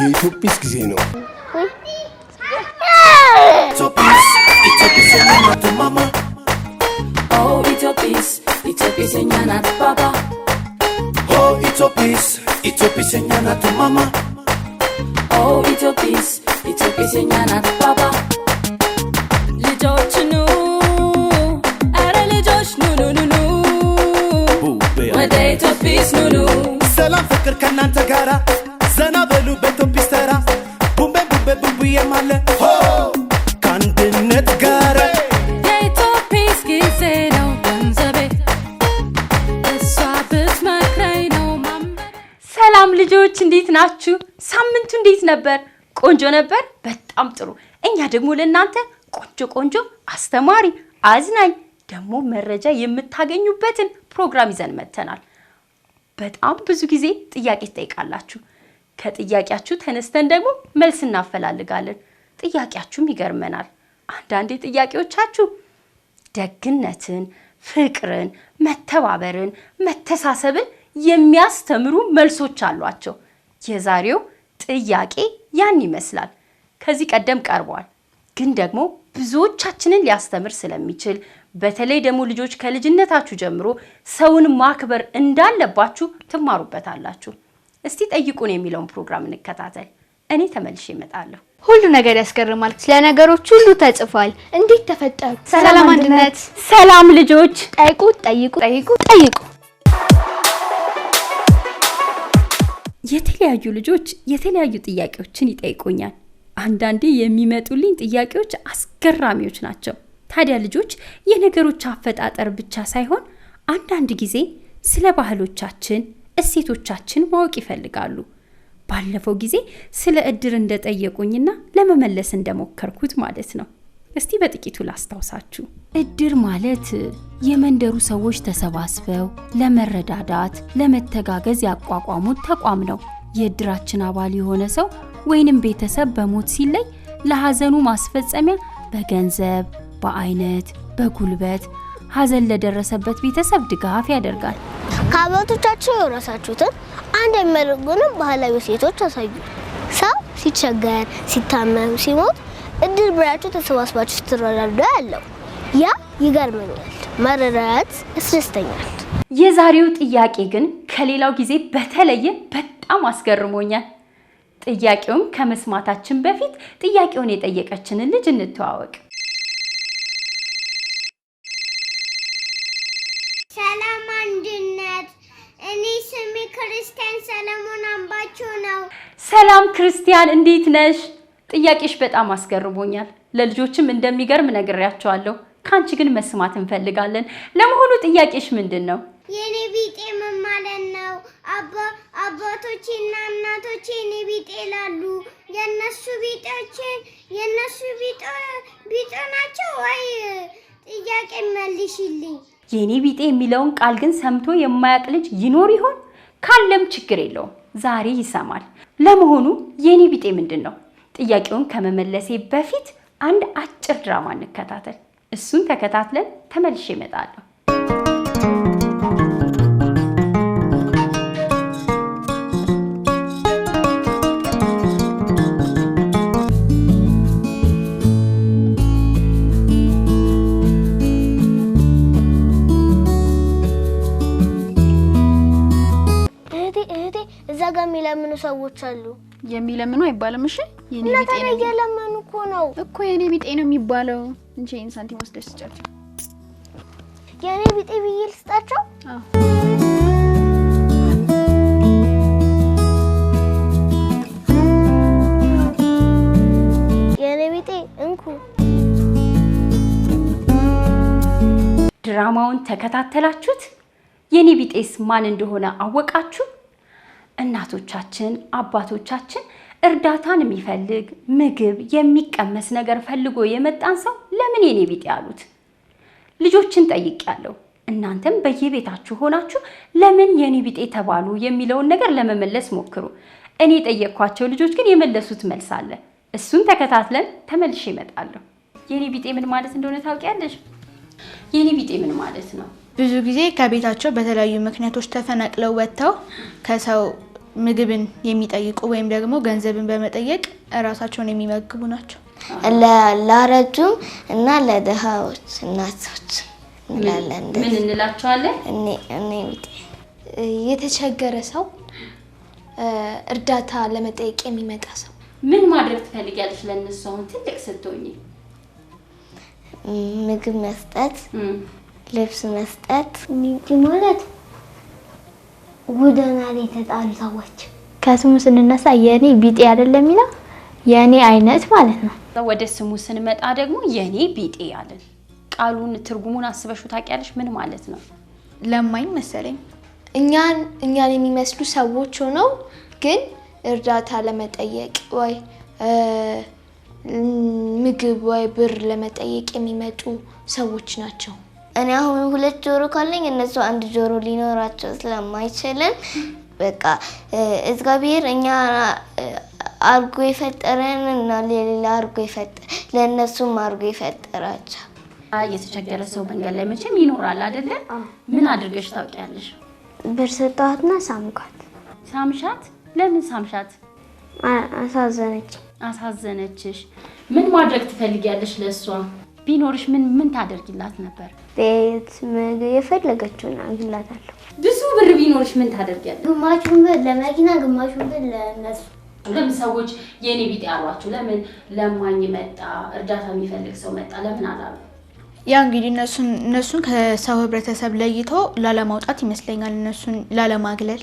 የኢትዮጵስ ጊዜ ነው። ኢትዮጵስኛ ናት ባባ ኢትዮጲስ ኢትዮጲስኛ ናት ማማ ኢትዮጲስ ኢትዮጲስኛ ናት ባባ ልጆች ኑ አረ ልጆች ኑ ኑ ኑ ወደ ኢትዮጲስ ኑ ኑ ሰላም ፍቅር ከእናንተ ጋራ ናችሁ? ሳምንቱ እንዴት ነበር? ቆንጆ ነበር። በጣም ጥሩ። እኛ ደግሞ ለእናንተ ቆንጆ ቆንጆ አስተማሪ፣ አዝናኝ ደግሞ መረጃ የምታገኙበትን ፕሮግራም ይዘን መጥተናል። በጣም ብዙ ጊዜ ጥያቄ ትጠይቃላችሁ። ከጥያቄያችሁ ተነስተን ደግሞ መልስ እናፈላልጋለን። ጥያቄያችሁም ይገርመናል። አንዳንዴ ጥያቄዎቻችሁ ደግነትን፣ ፍቅርን፣ መተባበርን፣ መተሳሰብን የሚያስተምሩ መልሶች አሏቸው። የዛሬው ጥያቄ ያን ይመስላል። ከዚህ ቀደም ቀርቧል፣ ግን ደግሞ ብዙዎቻችንን ሊያስተምር ስለሚችል በተለይ ደግሞ ልጆች ከልጅነታችሁ ጀምሮ ሰውን ማክበር እንዳለባችሁ ትማሩበታላችሁ። እስቲ ጠይቁን የሚለውን ፕሮግራም እንከታተል። እኔ ተመልሼ እመጣለሁ። ሁሉ ነገር ያስገርማል። ስለነገሮች ሁሉ ተጽፏል። እንዴት ተፈጠሩ? ሰላም፣ አንድነት፣ ሰላም። ልጆች ጠይቁ፣ ጠይቁ፣ ጠይቁ፣ ጠይቁ። የተለያዩ ልጆች የተለያዩ ጥያቄዎችን ይጠይቁኛል። አንዳንዴ የሚመጡልኝ ጥያቄዎች አስገራሚዎች ናቸው። ታዲያ ልጆች የነገሮች አፈጣጠር ብቻ ሳይሆን አንዳንድ ጊዜ ስለ ባህሎቻችን፣ እሴቶቻችን ማወቅ ይፈልጋሉ። ባለፈው ጊዜ ስለ እድር እንደጠየቁኝና ለመመለስ እንደሞከርኩት ማለት ነው። እስቲ በጥቂቱ ላስታውሳችሁ። እድር ማለት የመንደሩ ሰዎች ተሰባስበው ለመረዳዳት፣ ለመተጋገዝ ያቋቋሙት ተቋም ነው። የእድራችን አባል የሆነ ሰው ወይንም ቤተሰብ በሞት ሲለይ ለሐዘኑ ማስፈጸሚያ በገንዘብ፣ በአይነት፣ በጉልበት ሐዘን ለደረሰበት ቤተሰብ ድጋፍ ያደርጋል። ከአባቶቻቸው የወረሳችሁትን አንድ የሚያደርጉንም ባህላዊ ሴቶች አሳዩ። ሰው ሲቸገር፣ ሲታመም፣ ሲሞት እድል ብላችሁ ተሰባስባችሁ ስትረዳዱ ያለው ያ ይገርመኛል፣ መረዳት ያስደስተኛል። የዛሬው ጥያቄ ግን ከሌላው ጊዜ በተለየ በጣም አስገርሞኛል። ጥያቄውም ከመስማታችን በፊት ጥያቄውን የጠየቀችንን ልጅ እንተዋወቅ። ሰላም አንድነት፣ እኔ ስሜ ክርስቲያን ሰለሞን አምባቸው ነው። ሰላም ክርስቲያን፣ እንዴት ነሽ? ጥያቄሽ በጣም አስገርሞኛል። ለልጆችም እንደሚገርም ነግሬያቸዋለሁ። ከአንቺ ግን መስማት እንፈልጋለን። ለመሆኑ ጥያቄሽ ምንድን ነው? የኔ ቢጤ ምን ማለት ነው? አባቶቼና እናቶቼ የኔ ቢጤ ይላሉ። የነሱ ቢጤዎችን የእነሱ ቢጤ ናቸው ወይ? ጥያቄ መልሽልኝ። የኔ ቢጤ የሚለውን ቃል ግን ሰምቶ የማያውቅ ልጅ ይኖር ይሆን? ካለም ችግር የለውም ዛሬ ይሰማል። ለመሆኑ የኔ ቢጤ ምንድን ነው? ጥያቄውን ከመመለሴ በፊት አንድ አጭር ድራማ እንከታተል። እሱን ተከታትለን ተመልሼ እመጣለሁ። ጋር የሚለምኑ ሰዎች አሉ። የሚለምኑ አይባልም። እሺ የኔ እየለመኑ እኮ ነው እኮ የኔ ቢጤ ነው የሚባለው እንጂ ይሄን ሳንቲም ወስደሽ ስጫቸው። የኔ ቢጤ ብዬ ልስጣቸው? የኔ ቢጤ እንኩ። ድራማውን ተከታተላችሁት? የኔ ቢጤስ ማን እንደሆነ አወቃችሁ? እናቶቻችን፣ አባቶቻችን እርዳታን የሚፈልግ ምግብ የሚቀመስ ነገር ፈልጎ የመጣን ሰው ለምን የኔ ቢጤ ያሉት ልጆችን ጠይቄያለሁ። እናንተም በየቤታችሁ ሆናችሁ ለምን የኔ ቢጤ ተባሉ የሚለውን ነገር ለመመለስ ሞክሩ። እኔ የጠየቅኳቸው ልጆች ግን የመለሱት መልስ አለ። እሱን ተከታትለን ተመልሼ እመጣለሁ። የኔ ቢጤ ምን ማለት እንደሆነ ታውቂያለሽ? የኔ ቢጤ ምን ማለት ነው? ብዙ ጊዜ ከቤታቸው በተለያዩ ምክንያቶች ተፈናቅለው ወጥተው ከሰው ምግብን የሚጠይቁ ወይም ደግሞ ገንዘብን በመጠየቅ እራሳቸውን የሚመግቡ ናቸው። ላረጁም እና ለድሃዎች እናቶች እንላለን። ምን እንላቸዋለን? እኔ የተቸገረ ሰው እርዳታ ለመጠየቅ የሚመጣ ሰው ምን ማድረግ ትፈልጊያለሽ? ለእነሱ አሁን ትልቅ ስትሆኝ ምግብ መስጠት፣ ልብስ መስጠት ማለት ጎዳና የተጣሉ ሰዎች ከስሙ ስንነሳ የኔ ቢጤ አይደለም የኔ አይነት ማለት ነው። ወደ ስሙ ስንመጣ ደግሞ የኔ ቢጤ ቃሉን ትርጉሙን አስበሹ ታውቂያለሽ? ምን ማለት ነው? ለማኝ መሰለኝ። እኛን እኛን የሚመስሉ ሰዎች ሆነው ግን እርዳታ ለመጠየቅ ወይ ምግብ ወይ ብር ለመጠየቅ የሚመጡ ሰዎች ናቸው። እኔ አሁን ሁለት ጆሮ ካለኝ እነሱ አንድ ጆሮ ሊኖራቸው ስለማይችልም በቃ እግዚአብሔር እኛ አርጎ የፈጠረን እና ለሌላ አርጎ የፈጠረ ለእነሱም አርጎ የፈጠራቸው። የተቸገረ ሰው መንገድ ላይ መቼም ይኖራል አይደለ? ምን አድርገሽ ታውቂያለሽ? ብር ሰጠኋትና ሳምኳት። ሳምሻት? ለምን ሳምሻት? አሳዘነች። አሳዘነችሽ? ምን ማድረግ ትፈልጊያለሽ ለእሷ? ቢኖርሽ ምን ምን ታደርጊላት ነበር? ቤት፣ ምግብ የፈለገችውን አግላታለሁ። ብዙ ብር ቢኖርሽ ምን ታደርጊያለሽ? ግማሹን ብር ለመኪና፣ ግማሹን ብር ለነሱ። ለምን ሰዎች የኔ ቢጤ አሏችሁ? ለምን ለማኝ መጣ፣ እርዳታ የሚፈልግ ሰው መጣ ለምን አላሉ? ያ እንግዲህ እነሱን እነሱን ከሰው ህብረተሰብ ለይተው ላለማውጣት ይመስለኛል፣ እነሱን ላለማግለል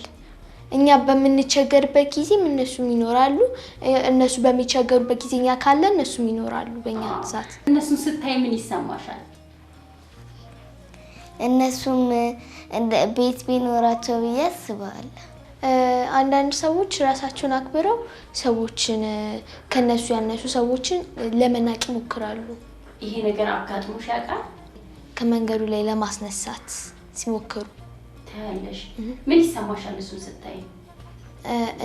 እኛ በምንቸገርበት ጊዜም እነሱም ይኖራሉ። እነሱ በሚቸገሩበት ጊዜ እኛ ካለ እነሱም ይኖራሉ በእኛ ብዛት። እነሱም ስታይ ምን ይሰማሻል? እነሱም ቤት ቢኖራቸው ብዬ አስባለሁ። አንዳንድ ሰዎች ራሳቸውን አክብረው ሰዎችን ከነሱ ያነሱ ሰዎችን ለመናቅ ይሞክራሉ። ይሄ ነገር አጋጥሞሽ ያውቃል? ከመንገዱ ላይ ለማስነሳት ሲሞክሩ ታያለሽ። ምን ይሰማሻል እሱን ስታይ?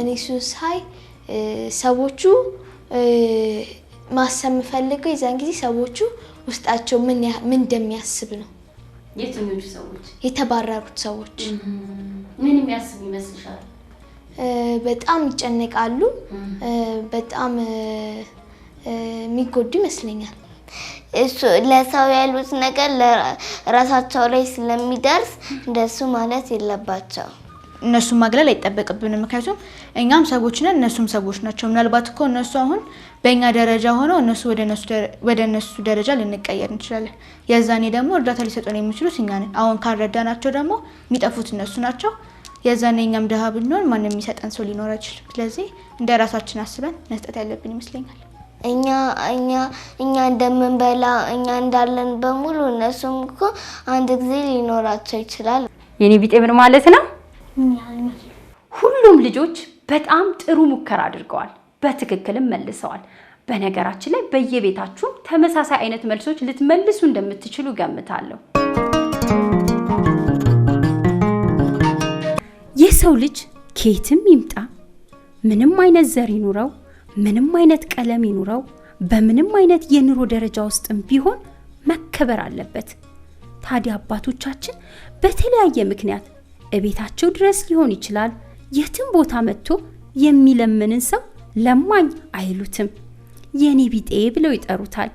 እኔ እሱን ሳይ ሰዎቹ ማሰብ የምፈልገው የዛን ጊዜ ሰዎቹ ውስጣቸው ምን እንደሚያስብ ነው። የትኞቹ ሰዎች? የተባረሩት ሰዎች ምን የሚያስብ ይመስልሻል? በጣም ይጨነቃሉ። በጣም የሚጎዱ ይመስለኛል። እሱ ለሰው ያሉት ነገር ራሳቸው ላይ ስለሚደርስ እንደሱ ማለት የለባቸው። እነሱን ማግለል አይጠበቅብንም። ምክንያቱም እኛም ሰዎች ነን፣ እነሱም ሰዎች ናቸው። ምናልባት እኮ እነሱ አሁን በእኛ ደረጃ ሆነው እነሱ ወደ እነሱ ደረጃ ልንቀየር እንችላለን። የዛኔ ደግሞ እርዳታ ሊሰጡን የሚችሉት እኛ ነን። አሁን ካልረዳናቸው ደግሞ የሚጠፉት እነሱ ናቸው። የዛኔ እኛም ድሃ ብንሆን ማንም የሚሰጠን ሰው ሊኖር አይችልም። ስለዚህ እንደ ራሳችን አስበን መስጠት ያለብን ይመስለኛል። እኛ እኛ እኛ እንደምንበላ እኛ እንዳለን በሙሉ እነሱም እኮ አንድ ጊዜ ሊኖራቸው ይችላል። የኔ ቢጤ ምን ማለት ነው? ሁሉም ልጆች በጣም ጥሩ ሙከራ አድርገዋል፣ በትክክልም መልሰዋል። በነገራችን ላይ በየቤታችሁም ተመሳሳይ አይነት መልሶች ልትመልሱ እንደምትችሉ ገምታለሁ። የሰው ልጅ ከየትም ይምጣ ምንም አይነት ዘር ይኑረው ምንም አይነት ቀለም ይኑረው፣ በምንም አይነት የኑሮ ደረጃ ውስጥም ቢሆን መከበር አለበት። ታዲያ አባቶቻችን በተለያየ ምክንያት እቤታቸው ድረስ ሊሆን ይችላል የትም ቦታ መጥቶ የሚለምንን ሰው ለማኝ አይሉትም፣ የኔ ቢጤ ብለው ይጠሩታል።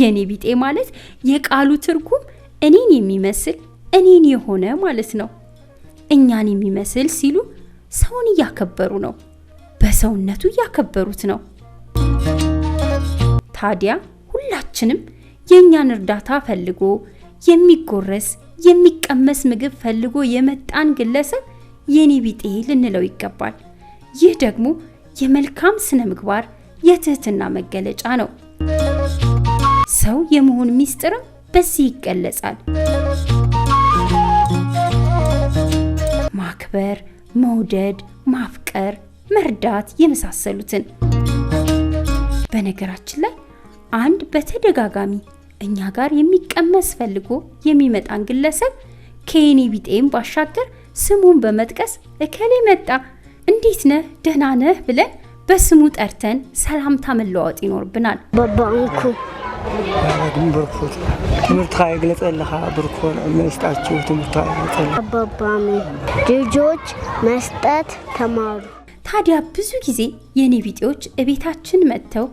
የኔ ቢጤ ማለት የቃሉ ትርጉም እኔን የሚመስል እኔን የሆነ ማለት ነው። እኛን የሚመስል ሲሉ ሰውን እያከበሩ ነው። በሰውነቱ እያከበሩት ነው። ታዲያ ሁላችንም የእኛን እርዳታ ፈልጎ የሚጎረስ የሚቀመስ ምግብ ፈልጎ የመጣን ግለሰብ የኔ ቢጤ ልንለው ይገባል። ይህ ደግሞ የመልካም ስነ ምግባር የትህትና መገለጫ ነው። ሰው የመሆን ሚስጥርም በዚህ ይገለጻል። ማክበር፣ መውደድ፣ ማፍቀር መርዳት የመሳሰሉትን። በነገራችን ላይ አንድ በተደጋጋሚ እኛ ጋር የሚቀመስ ፈልጎ የሚመጣን ግለሰብ ከኔ ቢጤም ባሻገር ስሙን በመጥቀስ እከሌ መጣ፣ እንዴት ነህ፣ ደህና ነህ ብለን በስሙ ጠርተን ሰላምታ መለዋወጥ ይኖርብናል። በባንኩ ግን ብርኩት ትምህርትካ የግለጸ ብርኮ መስጣችሁ ትምህርትካ የግለጸ ልጆች መስጠት ተማሩ። ታዲያ ብዙ ጊዜ የኔ ቢጤዎች እቤታችን መጥተው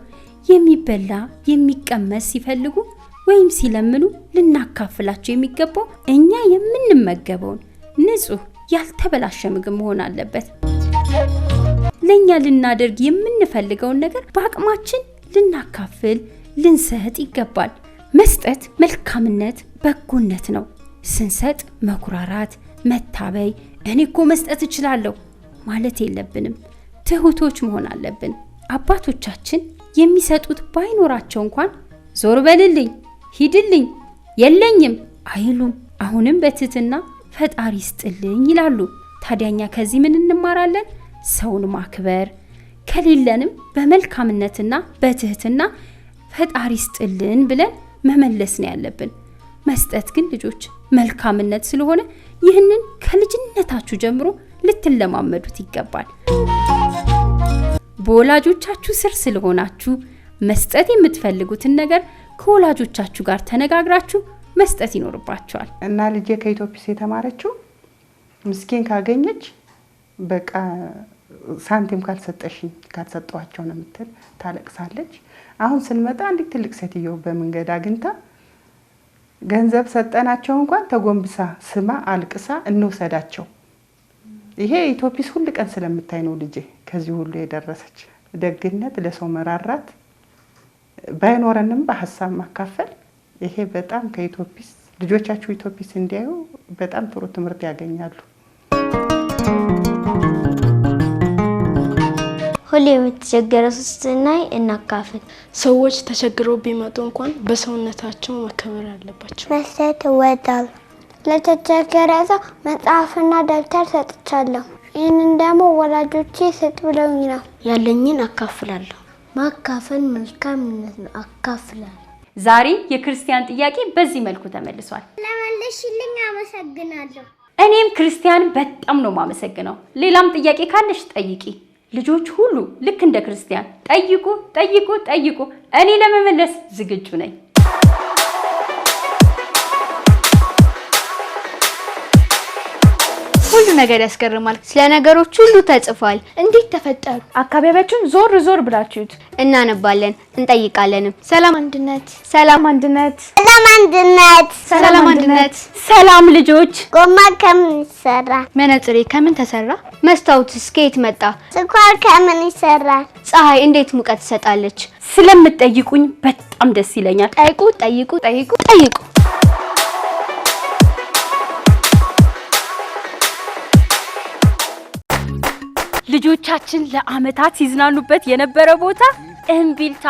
የሚበላ የሚቀመስ ሲፈልጉ ወይም ሲለምኑ ልናካፍላቸው የሚገባው እኛ የምንመገበውን ንጹህ ያልተበላሸ ምግብ መሆን አለበት። ለእኛ ልናደርግ የምንፈልገውን ነገር በአቅማችን ልናካፍል ልንሰጥ ይገባል። መስጠት መልካምነት፣ በጎነት ነው። ስንሰጥ መኩራራት፣ መታበይ እኔ እኮ መስጠት እችላለሁ ማለት የለብንም። ትሁቶች መሆን አለብን። አባቶቻችን የሚሰጡት ባይኖራቸው እንኳን ዞር በልልኝ፣ ሂድልኝ፣ የለኝም አይሉም። አሁንም በትህትና ፈጣሪ ስጥልኝ ይላሉ። ታዲያኛ ከዚህ ምን እንማራለን? ሰውን ማክበር ከሌለንም በመልካምነትና በትህትና ፈጣሪ ስጥልን ብለን መመለስ ነው ያለብን። መስጠት ግን ልጆች መልካምነት ስለሆነ ይህንን ከልጅነታችሁ ጀምሮ ልትለማመዱት ይገባል። በወላጆቻችሁ ስር ስለሆናችሁ መስጠት የምትፈልጉትን ነገር ከወላጆቻችሁ ጋር ተነጋግራችሁ መስጠት ይኖርባቸዋል። እና ልጄ ከኢትዮፒስ የተማረችው ምስኪን ካገኘች በቃ ሳንቲም ካልሰጠሽኝ ካልሰጠዋቸው ነው የምትል ታለቅሳለች። አሁን ስንመጣ አንዲት ትልቅ ሴትዮ በመንገድ አግኝታ ገንዘብ ሰጠናቸው እንኳን ተጎንብሳ ስማ አልቅሳ እንውሰዳቸው ይሄ ኢትዮጵስ ሁል ቀን ስለምታይ ነው ልጄ ከዚህ ሁሉ የደረሰች። ደግነት፣ ለሰው መራራት፣ ባይኖረንም በሀሳብ ማካፈል ይሄ በጣም ከኢትዮጵስ ልጆቻችሁ ኢትዮጵስ እንዲያዩ በጣም ጥሩ ትምህርት ያገኛሉ። ሁሌ የምትቸገረ ሰው እናካፍል። ሰዎች ተቸግረው ቢመጡ እንኳን በሰውነታቸው መከበር አለባቸው። መስጠት እወዳለሁ። ለተቸገረ ሰው መጽሐፍና ደብተር ሰጥቻለሁ። ይህንን ደግሞ ወላጆቼ ስጥ ብለውኝ ነው። ያለኝን አካፍላለሁ። ማካፈል መልካምነት ነው። አካፍላለሁ። ዛሬ የክርስቲያን ጥያቄ በዚህ መልኩ ተመልሷል። ለመለሽልኝ አመሰግናለሁ። እኔም ክርስቲያን በጣም ነው የማመሰግነው። ሌላም ጥያቄ ካለሽ ጠይቂ። ልጆች ሁሉ ልክ እንደ ክርስቲያን ጠይቁ፣ ጠይቁ፣ ጠይቁ። እኔ ለመመለስ ዝግጁ ነኝ። ነገር ያስገርማል። ስለ ነገሮች ሁሉ ተጽፏል። እንዴት ተፈጠሩ? አካባቢያችን ዞር ዞር ብላችሁት እናነባለን፣ እንጠይቃለንም። ሰላም አንድነት፣ ሰላም አንድነት፣ ሰላም አንድነት፣ ሰላም አንድነት። ሰላም ልጆች፣ ጎማ ከምን ይሰራ? መነጽሬ ከምን ተሰራ? መስታወትስ ከየት መጣ? ስኳር ከምን ይሰራል? ፀሐይ እንዴት ሙቀት ትሰጣለች? ስለምትጠይቁኝ በጣም ደስ ይለኛል። ጠይቁ ጠይቁ ጠይቁ ጠይቁ። ልጆቻችን ለአመታት ሲዝናኑበት የነበረ ቦታ እምቢልታ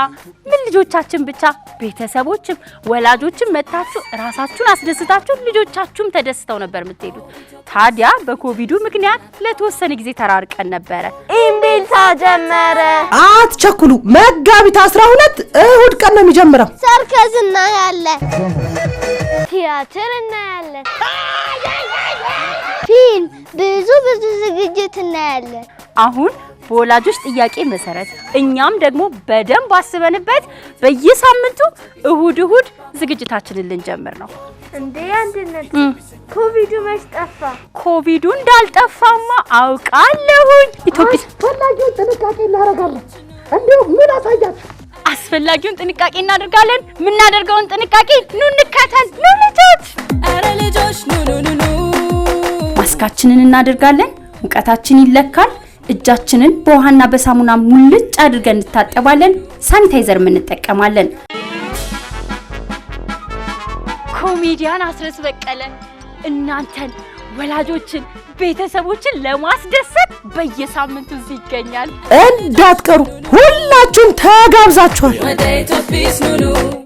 ምን ልጆቻችን ብቻ ቤተሰቦችም ወላጆችም መታችሁ ራሳችሁን አስደስታችሁ ልጆቻችሁም ተደስተው ነበር የምትሄዱት። ታዲያ በኮቪዱ ምክንያት ለተወሰነ ጊዜ ተራርቀን ነበረ። እምቢልታ ጀመረ። አትቸኩሉ፣ መጋቢት 12 እሁድ ቀን ነው የሚጀምረው። ሰርከዝ እናያለን፣ ቲያትር እናያለን፣ ፊልም ብዙ ብዙ ዝግጅት እናያለን። አሁን በወላጆች ጥያቄ መሰረት እኛም ደግሞ በደንብ አስበንበት በየሳምንቱ እሁድ እሁድ ዝግጅታችንን ልንጀምር ነው። እንዴ አንድነት ኮቪዱ መች ጠፋ? ኮቪዱ እንዳልጠፋማ አውቃለሁኝ። ኢትዮጵያ አስፈላጊውን ጥንቃቄ እናደርጋለን። እንዲሁም ምን አሳያችሁ? አስፈላጊውን ጥንቃቄ እናደርጋለን። የምናደርገውን ጥንቃቄ ኑ እንከተል። ኑ ልጆች፣ ኧረ ልጆች፣ ኑ ኑ ኑ። ማስካችንን እናደርጋለን። ሙቀታችን ይለካል። እጃችንን በውሃና በሳሙና ሙልጭ አድርገን እንታጠባለን። ሳኒታይዘር እንጠቀማለን። ኮሜዲያን አስረስ በቀለ እናንተን ወላጆችን፣ ቤተሰቦችን ለማስደሰት በየሳምንቱ እዚህ ይገኛል። እንዳትቀሩ ሁላችሁም ተጋብዛችኋል።